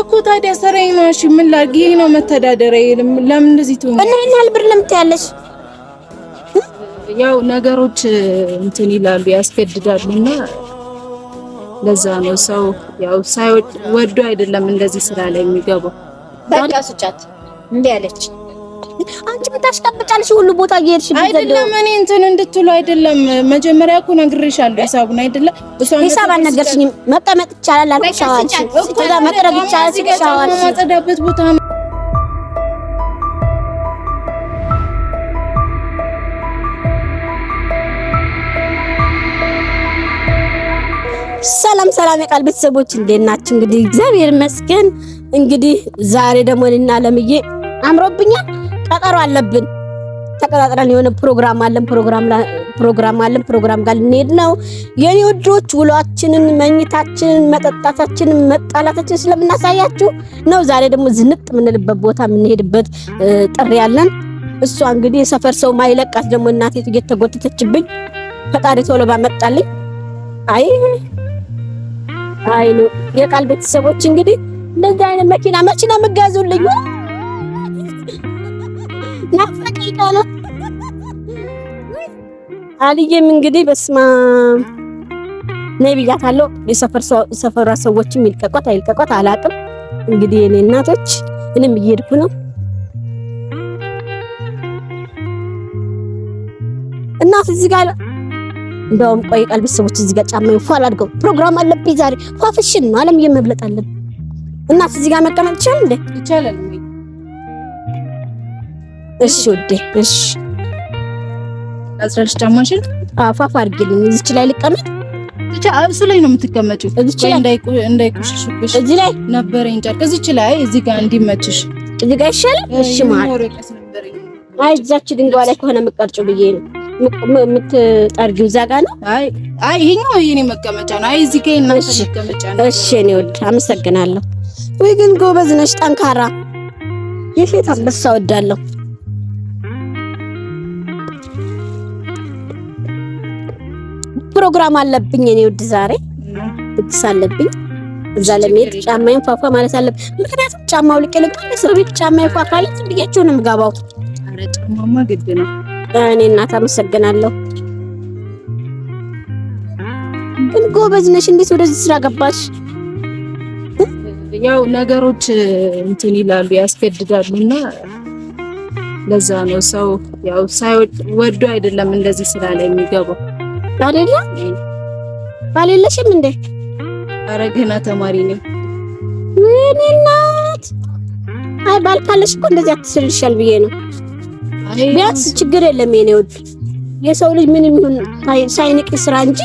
እኮ ታዲያ ሰራይ ነው። እሺ ምን ላድርግ? ይሄ ነው መተዳደሪያ። ለምን እንደዚህ ትሆን እና ይሄን ያህል ብር ለምን ትያለሽ? ያው ነገሮች እንትን ይላሉ ያስገድዳሉና ለዛ ነው ሰው ያው ሳይወድ ወዶ አይደለም እንደዚህ ስራ ላይ የሚገባው። በቃ ስጫት እንዴ አንቺ ምን ሁሉ ቦታ እየሄድሽ አይደለም። እኔ እንትን እንድትሉ አይደለም። መጀመሪያ እኮ ነግሬሻለሁ ሂሳቡን አይደለም። ሂሳብ አልነገርሽኝም። መቀመጥ ይቻላል አልኩሽ። መቅረብ ይቻላል ሲሻዋል ማጸዳበት ቦታ ነው ሰላም ሰላም የቃል ቤተሰቦች እንዴት ናችሁ? እንግዲህ እግዚአብሔር ይመስገን። እንግዲህ ዛሬ ደግሞ እኔና ለምዬ አምሮብኛል። ቀጠሮ አለብን። ተቀጣጥረን የሆነ ፕሮግራም አለን ፕሮግራም ፕሮግራም አለን ፕሮግራም ጋር ልንሄድ ነው። የኔ ውዶች ውሏችንን፣ መኝታችንን፣ መጠጣታችንን፣ መጣላታችንን ስለምናሳያችሁ ነው። ዛሬ ደግሞ ዝንጥ የምንልበት ቦታ የምንሄድበት ጥሪ ያለን። እሷ እንግዲህ የሰፈር ሰው ማይለቃት ደግሞ እናቴ እየተጎተተችብኝ ፈጣሪ ቶሎ ባመጣልኝ። አይ አይ ነው የቃል ቤተሰቦች እንግዲህ እንደዚህ አይነት መኪና መኪና የምትገዙልኝ አልዬም እንግዲህ በስማ ነይ ብያታለሁ። የሰፈሯ ሰዎችም ይልቀቋት አይልቀቋት አላቅም። እንግዲህ የኔ እናቶች እንም እየሄድኩ ነው እናት እዚህ ጋር እንደውም ቆይ ቃል ቤተሰቦች እዚህ ጋር ጫማ ይፋል አድርገው ፕሮግራም አለብኝ ዛሬ ፏፍሽን ነው አለም መብለጥ እናት እዚህ ጋር መቀመጥ ይቻላል እንዴ? ይቻላል። እሺ ውዴ፣ እሺ አስራልሽ ጫማሽን አድርጊልኝ። እዚች ላይ ልቀመጥ ብቻ። እሱ ላይ ነው የምትቀመጪው። እዚች ላይ እንዳይቆሽሽብሽ፣ እዚህ ላይ ነበረኝ እዚች ላይ እዚህ ጋር እንዲመችሽ ጋር ይሻላል። እሺ ማለት አይ፣ እዛች ድንጋይ ላይ ከሆነ የምትቀርጪው ብዬ ነው የምትጠርጊው። እዛ ጋር ነው። አይ አይ፣ ይሄኛው መቀመጫ ነው። አይ፣ እዚህ ጋር መቀመጫ ነው። እሺ፣ እኔ አመሰግናለሁ። ወይ ግን ጎበዝ ነሽ፣ ጠንካራ የሴት አንበሳ ወዳለሁ ፕሮግራም አለብኝ። እኔ ውድ ዛሬ ድግስ አለብኝ። እዛ ለመሄድ ጫማዬን ፏፏ ማለት አለብኝ። ምክንያቱም ጫማው ልቅ ልቅ ሰው ቤት ጫማዬን ፏ ካለ ብያችሁ ነው የምገባው። ጫማማ ግድ ነው። እኔ እናት አመሰግናለሁ። ግን ጎበዝ ነሽ። እንዴት ወደዚህ ስራ ገባሽ? ያው ነገሮች እንትን ይላሉ ያስገድዳሉና ለዛ ነው ሰው ያው ሳይወድ ወዶ አይደለም እንደዚህ ስራ ላይ የሚገባው። አይደለ? ባል የለሽም እንዴ? አረ ገና ተማሪ ነኝ። ምን እናት፣ አይ ባል ካለሽ እኮ እንደዚህ አትስልሻል ብዬ ነው። ቢያንስ ችግር የለም የኔ ወድ። የሰው ልጅ ምን ይሁን ሳይንቅ ስራ እንጂ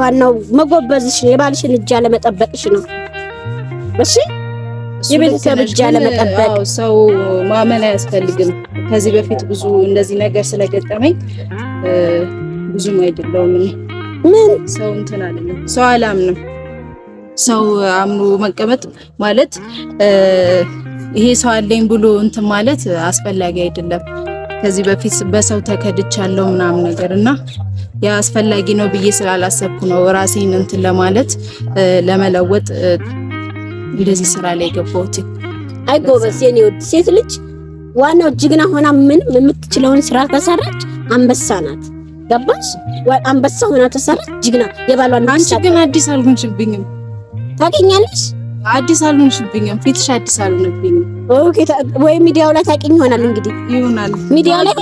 ዋናው መጎበዝሽ ነው። የባልሽን እጃ ለመጠበቅሽ ነው። እሺ የቤተሰብ እጃ ለመጠበቅ ሰው ማመን አያስፈልግም። ከዚህ በፊት ብዙ እንደዚህ ነገር ስለገጠመኝ ብዙም አይደለውም። ምን ሰው እንትን አለ ሰው አላምንም። ሰው አምኖ መቀመጥ ማለት ይሄ ሰው አለኝ ብሎ እንትን ማለት አስፈላጊ አይደለም። ከዚህ በፊት በሰው ተከድቻለሁ ምናምን ነገር እና ያ አስፈላጊ ነው ብዬ ስላላሰብኩ ነው ራሴን እንትን ለማለት ለመለወጥ እንደዚህ ስራ ላይ ገባሁት። አይ ጎበዝ የኔ ወድ ሴት ልጅ ዋናው ጅግና ሆና ምንም የምትችለውን ስራ ተሰራች አንበሳ ናት። ገባሽ? አንበሳ ሆና ተሰራች። ጅግና የባሏን አንቺ ግን አዲስ አልሆንሽብኝም። ታውቂኛለሽ? አዲስ አልሆንሽብኝም። ፊትሽ አዲስ አልሆንብኝም። ኦኬ፣ ወይ ሚዲያው ላይ ታውቂኝ ይሆናል እንግዲህ ይሆናል። ሚዲያው ላይ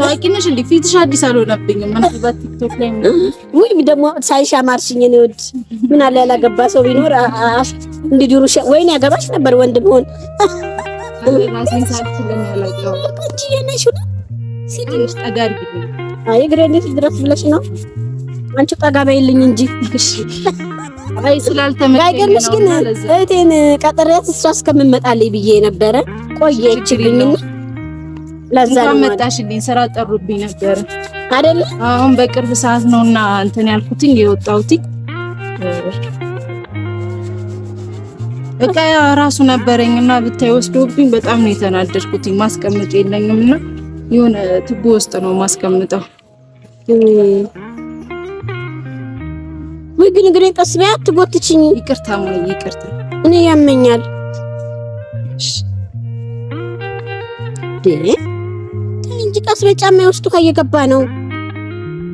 ታውቂ ነሽ እንዴ? ፊትሽ አዲስ አልሆነብኝም። ምናልባት ቲክቶክ ላይ ወይ ደግሞ ሳይሽ አማርሽኝ ነው። ምን አለ ያላገባ ሰው ቢኖር እንደ ወይኔ ያገባሽ ነበር ወንድም ሆን ሲዲ ውስጥ ጠጋ አድርጊልኝ። አይ እግሬ እንዴት ድረስ ብለሽ ነው? አንቺ ጠጋ በይልኝ እንጂ። እሺ አይ ስላልተመቸኝ አይገርምሽ? ግን እህቴን ቀጠሪያት እሷ እስከምመጣልኝ ብዬ ነበረ ቆየችልኝና ለዛ ነው መጣሽልኝ። ስራ ጠሩብኝ ነበረ አይደለ? አሁን በቅርብ ሰዓት ነውና እንትን ያልኩትኝ የወጣሁትኝ እቃ ራሱ ነበረኝና ብታይ ወስዶብኝ በጣም ነው የተናደድኩትኝ። ማስቀመጫ የለኝምና የሆነ ትቦ ውስጥ ነው ማስቀምጠው። ወይ ግን እግሬ ቀስ በይ አትጎትችኝ። ይቅርታ ሞይ ይቅርታ፣ እኔ ያመኛል። እንጂ ቀስ በይ ጫማ ውስጡ እየገባ ነው።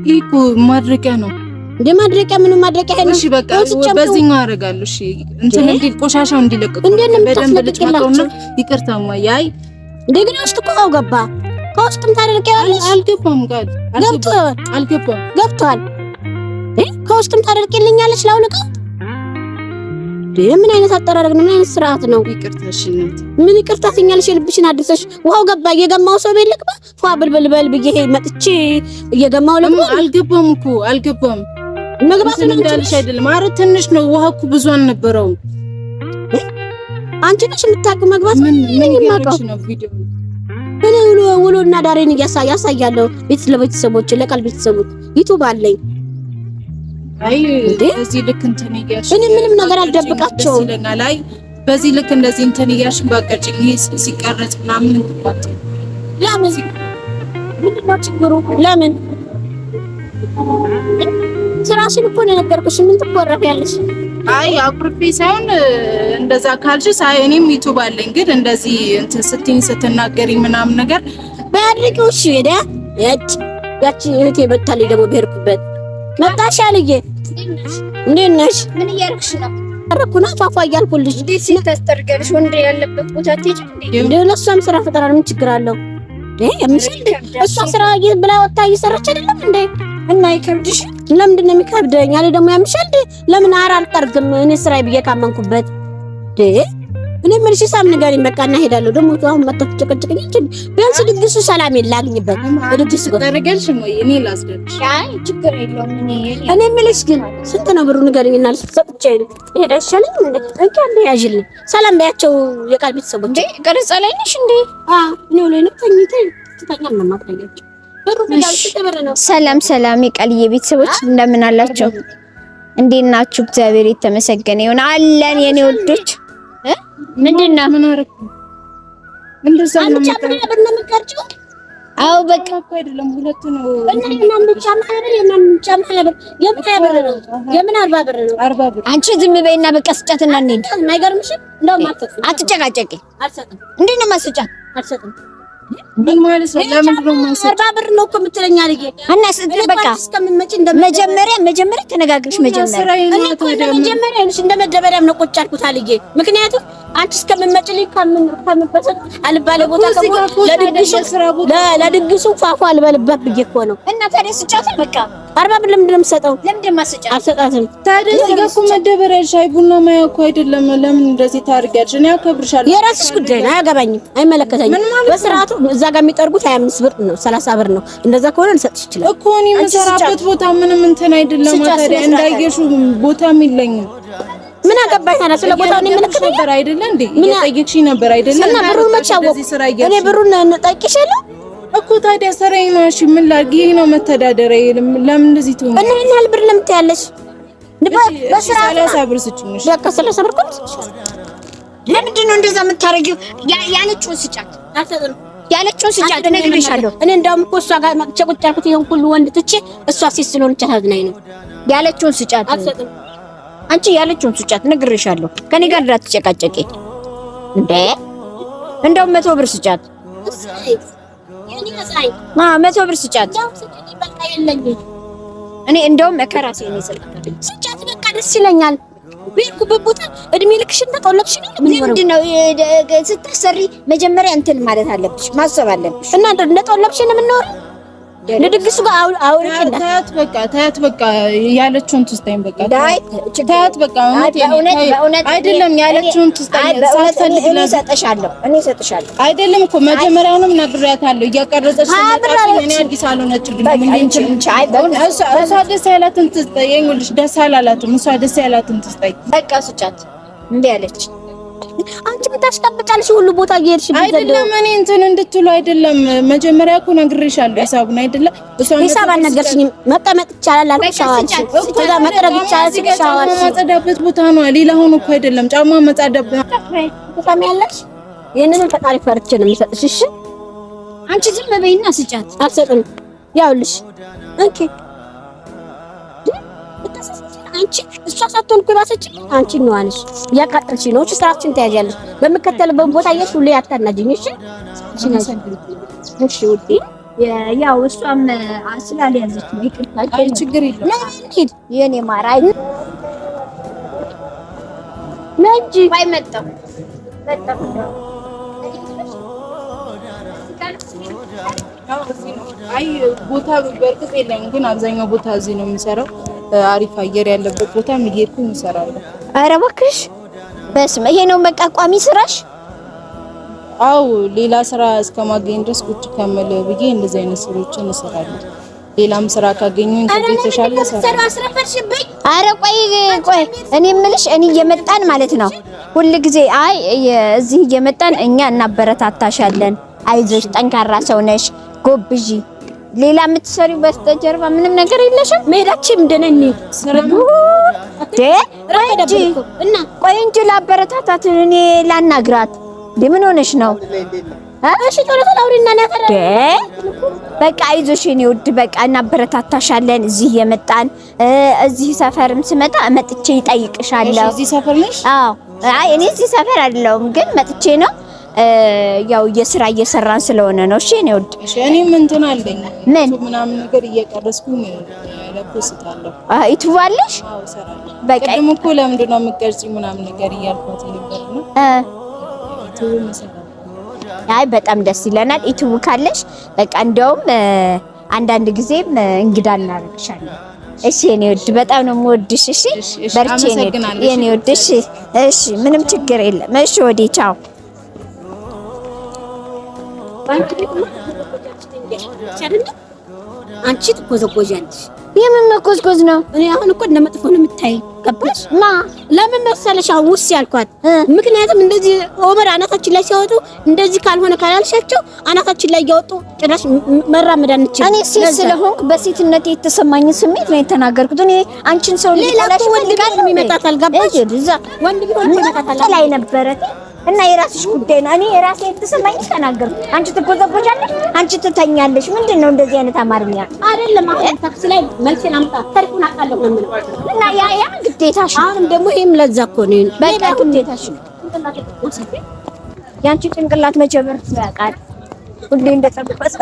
ይህ እኮ ማድረቂያ ነው። እንደ ማድረቂያ ምንም ማድረቂያ አይደለም። እሺ በቃ በዚህኛው አደርጋለሁ። እሺ እንትን እንዲል ቆሻሻው እንዲለቀቅ በደንብ ልጭመቀውና ይቅርታ ሞይ። ያይ፣ እንደገና ውስጥ እኮ ገባ ከውስጥም ታደርጊያለሽ። አልገባም ቃል ገብቷል። አልገባም ገብቶሃል። ከውስጥም ታደርጊልኛለሽ። ላውልቀ ምን አይነት አጠራረግ ነው? ምን አይነት ስርዓት ነው? ይቅርታሽ ምን ይቅርታ ትኛለሽ? የልብሽን አድርሰሽ ውሃው ገባ። እየገማው ሰው ቤት ልግባ ፏ ብልብልበል ብዬ መጥቼ እየገማው ለሞ አልገባም እኮ አልገባም። መግባት ነው እንዳልሽ አይደለም። አረ ትንሽ ነው ውሃው እኮ ብዙ አልነበረውም። አንቺ ነሽ የምታውቂው መግባት ምን ምን ነው ቪዲዮ እኔ ውሎ ውሎ እና ዳሬን ያሳያለሁ። ቤት ለቤተሰቦች ለቃል ቤተሰቦች ዩቱብ አለኝ። አይ እዚህ ልክ እንትን እያልሽ እኔ ምንም ነገር አልደብቃቸውም። በዚህ ልክ እንደዚህ እንትን እያልሽን ይሄ ሲቀረጽ ምናምን ለምን ምንድነው ችግሩ? ለምን ስራሽን እኮ ነው የነገርኩሽ። ምን ትቆረፊያለሽ? አይ አኩርፌ ሳይሆን እንደዛ ካልሽ ሳይ እኔም ዩቲዩብ አለኝ፣ ግን እንደዚህ እንትን ስትይኝ ስትናገሪ ምናምን ነገር ባያድርጊው። እሺ ሄዳ ያቺ ያቺ እህቴ መታለች ደግሞ ብሄድኩበት መጣሽ አልዬ፣ እንዴት ነሽ? ምን እያደረግሽ ነው? አረኩና ፏፏ እያልኩልሽ እንዴት ሲታስተርገልሽ ወንድ ያለበት ቦታ ትሄጂ እንዴ? ለሷም ስራ ፈጠራ ምን ችግር አለው? እንዴ እሷ ስራ ብላ ወታ እየሰራች አይደለም እንዴ? እና ይከብድሽ ለምንድን ነው የሚከብደኝ? እኔ ደግሞ ያምሻል። ለምን ኧረ አልጠርግም እኔ ስራዬ ብዬ ካመንኩበት እኔ ምን ሺህ ሳምንት ጋር ይመቃና ሄዳለሁ። ደግሞ አሁን መጣሁ ጭቅጭቅ ይችል ቢያንስ ድግሱ ሰላም ይላግኝበት ድግሱ ጋር ተረገልሽ ነው እኔ ላስደግሽ። አይ ችግር የለውም። እኔ እኔ ምልሽ ግን ስንት ነው ብሩ ንገሪኝና ልሰጥቼ ሄዳ ይሻለኝ እንዴ? እንካ እንደ ያጅል ሰላም በያቸው የቃል ቤተሰቦች እንዴ። ቀረጻ ላይ ነሽ እንዴ? አ እኔ ላይ ነው ተኝተኝ ትተኛ ነው ማቅረያቸው ሰላም ሰላም የቃልዬ ቤተሰቦች እንደምን አላቸው? እንዴት ናችሁ? እግዚአብሔር የተመሰገነ ይሁን። አለን የኔ ወዶች። ምንድና ምን ወርክ ነው አይደለም ሁለቱ ነው ማህበር የምን አርባ ብር ነው? አርባ ብር አንቺ ዝም በይና በቃ ስጫትና እንሂድ። አትጨቃጨቂ። እንዴት ነው የማስጫት? አልሰጥም ምን ማለት ነው? ለምንድን ነው የማይሰጥ? አርባ ብር ነው እኮ የምትለኝ አልጌ እና ስትል በቃ መጀመሪያ መጀመሪያ ተነጋግረሽ መጀመሪያ እኔ እኮ መጀመሪያ እንሽ እንደ መደበሪያም ነው ቁጭ አልኩት አልጌ። ምክንያቱም አንቺ እስከምትመጪልኝ ከምን ከምበሰጥ አልባለ ቦታ ለድግሱ ፏፏ አልበልበት ብዬሽ እኮ ነው። እና ታዲያ ስጫት በቃ አርባ ብር ለምንድን ነው የምትሰጠው? ለምንድን ነው የማትሰጫት? አልሰጣትም። ታዲያ እዚህ ጋር እኮ መደበሪያ ሻይ ቡና ማያ እኮ አይደለም። ለምን እንደዚህ ታደርጊያለሽ? እኔ አከብርሻለሁ። የራስሽ ጉዳይ ነው፣ አያገባኝም፣ አይመለከተኝም። በስርዓቱ እዛ ጋር የሚጠርጉት 25 ብር ነው፣ 30 ብር ነው። እንደዛ ከሆነ ልሰጥሽ ይችላል እኮ እኔ የምሰራበት ቦታ ምንም እንትን አይደለም። ታዲያ እንዳየሹ ቦታም የለኝም። ምን አገባኝ ታዲያ ስለ ቦታው እኔ ምን ከነ ነበር አይደለ እንዴ ምን እየጠየቅሽኝ ነበር አይደለ? እና ብሩን መቼ አወኩ እኔ ብሩን ጠይቄሻለሁ እኮ ታዲያ ሰራይ ነው። እሺ ምን ላድርግ? ይሄ ነው መተዳደሪያ። ለምን እንደዚህ ትሆን እና ይሄን ያህል ብር ለምን ትያለሽ? በስራ ሰላሳ ብር ስጭኝ። በቃ ሰላሳ ብር እኮ ነው ለምንድን ነው እንደዛ የምታረጊው? ያለችውን ስጫት አልሰጥም ያለችውን ስጫት እነግርሻለሁ። እኔ እንዳውም እኮ እሷ ጋር መቅቼ ቁጭ ያልኩት ይሄን ሁሉ ወንድ ትቼ እሷ ሴት ስለሆነች አሳዝናኝ ነው። ያለችውን ስጫት አንቺ ያለችውን ስጫት እነግርሻለሁ። ከኔ ጋር እንዳትጨቃጨቂ እንዴ። እንደውም መቶ ብር ስጫት አ መቶ ብር ስጫት። እኔ እንደውም እከራሴ ነው ስጫት። በቃ ደስ ይለኛል። በሄድኩበት ቦታ እድሜ ልክሽን ተጠለብሽ ነው ምንድን ነው ስትሰሪ መጀመሪያ እንትን ማለት አለብሽ ማሰብ አለብሽ እና እንደ ጠለብሽን የምንኖረው ለድግሱ ጋር አውርቂና ታያት በቃ ታያት በቃ ያለችውን ትስታኝ በቃ ዳይ ታያት በቃ አይደለም ያለችውን ትስታኝ ሳትፈልግ እኔ እሰጥሻለሁ እኔ እሰጥሻለሁ አይደለም እኮ መጀመሪያውንም ነግሬያታለሁ እያቀረጸች እኔ አዲስ አልሆነችልኝ እሷ ደስ ያላትን ትስጠኝ ይኸውልሽ ደስ አላላትም እሷ ደስ ያላትን ትስጠኝ በቃ ስጫት እንዴ አለች አንቺ ምን ሁሉ ቦታ እየሄድሽ አይደለም። እኔ እንትን እንድትሉ አይደለም። መጀመሪያ እኮ ነግሬሻለሁ ሂሳቡን አይደለ? ሂሳብ አልነገርሽኝም። መቀመጥ ይቻላል አልኩሽ። ከዛ መቅረብ ይቻላል ሲልሽ ማጸዳበት ቦታ ነው። ሌላ ሆኖ እኮ አይደለም። ጫማ ማጸዳበት ትሰሚያለሽ? ይሄንን ፈጣሪ ፈርቼ ነው የሚሰጥሽ። እሺ አንቺ ዝም በይና ስጫት። አልሰጥም። ያውልሽ ኦኬ አንቺ እሷ ሳትሆን እኮ አንቺ ነው አንሽ እያቃጠልሽ ነው። እሺ ስራችን ተያያለሽ። በምከተልበት ቦታ እየሽ ሁሌ አታናጅኝ። እሺ እሺ ውዴ ያው እሷም ስላልያዘች ነው ይቅርታ። ችግር የለም ነይ የኔ ማር። አይ ነይ እንጂ ባይ መጣሁ መጣሁ አይ ቦታ በእርግጥ የለኝም፣ ግን አብዛኛው ቦታ እዚህ ነው የሚሰራው አሪፍ አየር ያለበት ቦታ እየሄድኩኝ እሰራለሁ። ኧረ እባክሽ በስመ ይሄ ነው በቃ ስራሽ? አው ሌላ ስራ እስከማገኝ ድረስ ቁጭ ከምል ብዬ እንደዚህ አይነት ስራዎችን እሰራለሁ። ሌላም ስራ ካገኘን ከዚህ ተሻለ ስራ አስረፈርሽብኝ። ቆይ ቆይ፣ እኔ የምልሽ እኔ እየመጣን ማለት ነው ሁል ጊዜ አይ እዚህ እየመጣን እኛ እናበረታታሻለን፣ አይዞሽ፣ ጠንካራ ሰው ነሽ፣ ጎብዢ ሌላ የምትሰሪው በስተጀርባ ምንም ነገር የለሽም። መሄዳችን እንደነኝ እና ቆይ እንጂ ላበረታታት፣ እኔ ላናግራት። ምን ሆነሽ ነው? እሺ በቃ አይዞሽ የእኔ ውድ በቃ እናበረታታሻለን። እዚህ የመጣን እዚህ ሰፈርም ስመጣ መጥቼ ይጠይቅሻለሁ። አይ እኔ እዚህ ሰፈር አይደለሁም ግን መጥቼ ነው ያው የስራ እየሰራን ስለሆነ ነው። እሺ እኔ ወድ እሺ እኔ ምን እንትን ምን ምናምን ነገር እየቀረስኩ ለፖስታለሁ። አይ ትዋለሽ? አዎ ሰራለሁ። በቃ ቅድም እኮ ለምንድን ነው የምትቀርጪው ምናምን ነገር እያልኳት ነበር ነው እ አይ በጣም ደስ ይለናል። ኢትቡ ካለሽ በቃ እንደውም አንዳንድ ጊዜም እንግዳ እናደርግሻለን። እሺ የኔ ወድ በጣም ነው የምወድሽ። እሺ በርቺ የኔ ወድ። እሺ ምንም ችግር የለም። እሺ ወዴ ቻው በአንቺ አንቺ ትጎዘጎዣለሽ። የምን መኮዝኮዝ ነው? እኔ አሁን እኮ እንደ መጥፎ ነው የምታይ። ገባሽ? ና ለምን መሰለሽ አሁን ውስጥ ያልኳት፣ ምክንያቱም እንደዚህ ኦመር አናታችን ላይ ሲያወጡ እንደዚህ ካልሆነ ካላልሻቸው አናታችን ላይ እያወጡ ጭራሽ መራመድ አንችል። እኔ ሴት ስለሆንኩ በሴትነት የተሰማኝ ስሜት ነው የተናገርኩት። እኔ አንቺን ሰው ሌላ ወንድ ጋር የሚመጣታል። ገባሽ? ወንድ ቢሆን ይመጣታል ላይ ነበረ እና የራስሽ ጉዳይ ነው። እኔ ራሴ የተሰማኝ ተናገርኩ። አንቺ ትቆዘቆጃለሽ፣ አንቺ ትተኛለሽ። ምንድን ነው እንደዚህ አይነት አማርኛ አይደለም። አሁን ታክሲ ላይ መልሴን አምጣ ታሪኩን አቃለሁ ነው የምለው። እና ያ ያ ግዴታሽ። አሁንም ደግሞ ይሄም ለዛ እኮ ነው። በቃ ግዴታሽ። ያንቺ ጭንቅላት መጀመር ያውቃል ሁሌ እንደጠበሰ